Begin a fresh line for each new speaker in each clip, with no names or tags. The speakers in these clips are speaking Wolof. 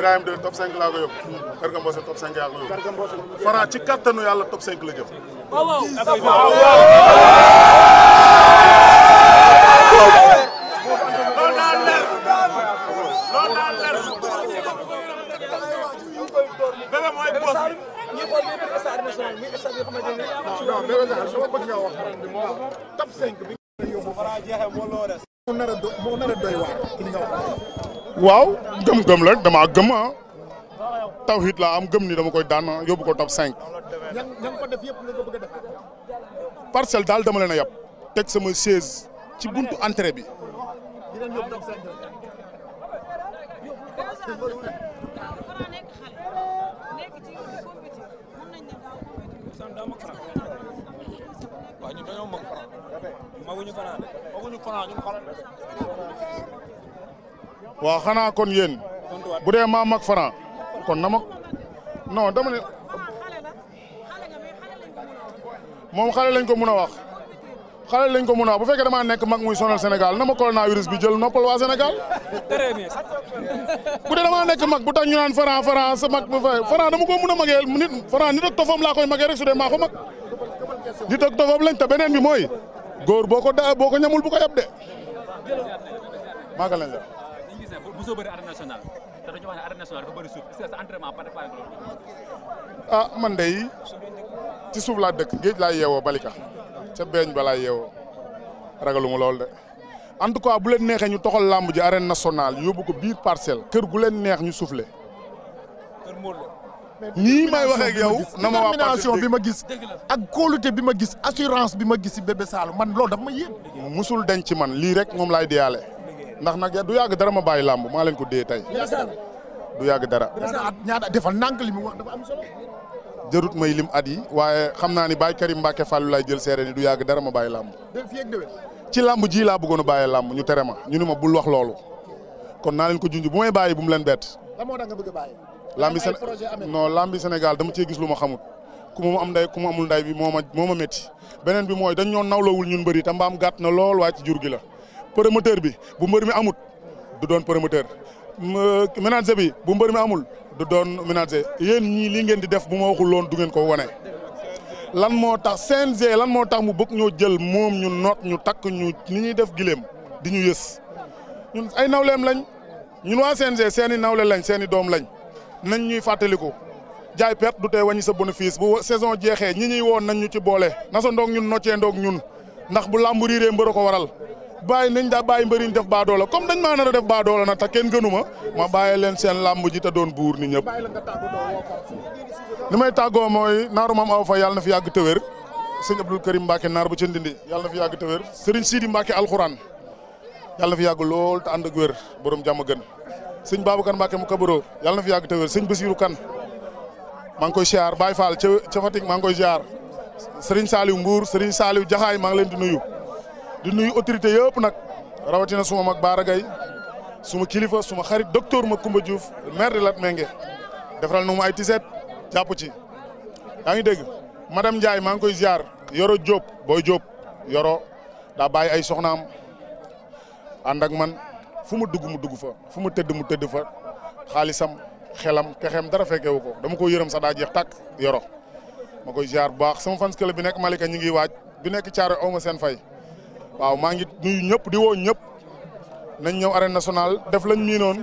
Birahim de top 5 laa ko yóbbu. Garga Mbossé top 5 laa ko yóbbu. Fara ci kattanu yàlla top 5 la jëm. top 5 bi. moo nar a doy waar li nga wax. waaw gëm-gëm la dama gëm ah tawhid laa am gëm ni dama koy daan ah, yóbbu ko top 5. ña daal dama leen a yab teg sama ci buntu entrée bi. waaw xanaa kon yéen bu dee maa mag Franc kon na mag non dama ne moom xale lañ ko mun a wax xale lañ ko mun a wax bu fekkee damaa nekk mag muy sonal Sénégal na ma coronavirus bi jël noppal waa Sénégal bu dee damaa nekk mag bu tax ñu naan Franc Franc sa mag dama ko mun a magee nit Franc nit ak tofam laa koy magee rek su maa ko mag nit ak tofam lañ te beneen bi mooy góor boo ko da boo ko ñamul bu ko yab de maaga lañ la mosoo bëri arène nationale te dañu wax ne arène nationale dafa ah, man day ci suuf laa dëkk géej laa yeewoo Balika ca beeñ ba laa yeewoo ragaluma lool de en tout cas bu leen neexee ñu toxal làmb ji arène nationale yóbbu ko biir parcelle. kër gu leen neex ñu suufle kër nii may waxee ak yow na ma waa bi ma gis ak kóolute bi ma gis assurance bi ma gis si bébé man lool dafa ma yéem. musul denc man lii rek moom laay diyaale. ndax nag du yàgg dara ma bàyyi làmb maa leen ko dee tey. du yàgg dara. ñaata defal nànk li jërut may lim at waaye xam naa ni Baye Karim Mbacke Fallou laay jël seere ni du yàgg dara ma bàyyi làmb. ci làmb ji laa bëggoon a bàyyi làmb ñu tere ma ñu ne ma bul wax loolu kon naa leen ko junj bu may bàyyi bu mu leen bet lan moo tax nga bëgg a bàyyi. lambi Séné non dama cee gis lu ma xamut ku ma am nday ku ma amul nday bi moo ma ma métti beneen bi mooy dañ ñoo nawlawul ñun bëri te mbaam gàtt na lool waaye ci jur gi la promoteur bi bu mbër mi amut du doon promoteur manager bi bu mbër mi amul du doon manager yéen ñii li ngeen di def bu ma waxul loon du ngeen ko wane. lan moo tax CNG lan moo tax mu bëgg ñoo jël moom ñu noot ñu takk ñu ni ñuy def gileem di ñu yës ñun ay nawleem lañ ñun waa CNG seeni nawle lañ seeni doom lañ nañ ñuy fàttaliku jaay perte du tey wàññi sa bénéfice bu saison jeexee ñi ñuy woon nañ ñu ci boole na ndoog ñun noccee ndoog ñun ndax bu làmb riiree mbër ko waral. bàyyi nañ daa bàyyi mbëriñ def baa doola comme dañ maa nar a def baa doola nag te kenn gënu ma ma bàyyi leen seen làmb ji te doon buur ni ñëpp li may tàggoo mooy naaru maam aw fa yàlla na fi yàgg tëwér sëñ Abdul Karim Mbacke naar bu ci ndindi yàlla na fi yàgg tëwér sëriñ Sidi Mbacke alxuraan yàlla na fi yàgg lool te ànd ak wér borom jàmm gën sëñ Babacar Mbacke mu kabaro yàlla na fi yàgg tëwér sëñ Basiru Kan maa ngi koy siyaar Baye Fall ca ca Fatick maa ngi koy siyaar sëriñ Saliou Mbour sëriñ Saliou Jaxaay maa ngi leen di nuyu di nuyu autorité yëpp nag rawatina suma mag Baara suma kilifa suma xarit docteur Macoumba Diouf maire de Latmingué defaral na mu ay tiset jàpp ci yaa ngi dégg madame Ndiaye maa ngi koy ziar Yoro Diop booy Diop Yoro daa bàyyi ay soxnaam ànd ak man fu mu dugg mu dugg fa fu mu tëdd mu tëdd fa xaalisam xelam pexeem dara fekkewu ko dama ko yërëm sax daa jeex tàkk Yoro ma koy ziar bu baax sama fans club bi nekk Malika ñu ngi waaj bi nekk Thiaré aw ma seen fay. waaw maa ngi nuyu ñëpp di woo ñëpp nañ ñëw arène nationale def lañ miinoon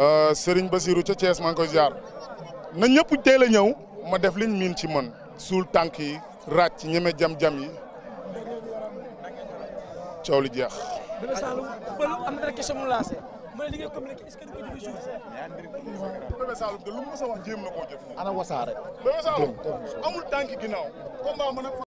euh, Serigne Basirou ca Thiès maa ngi koy ziar na ñëpp teel a ñëw ma def liñ miin ci man suul tànk yi ràcc ñeme jam-jam yi coow li jeex. ma ne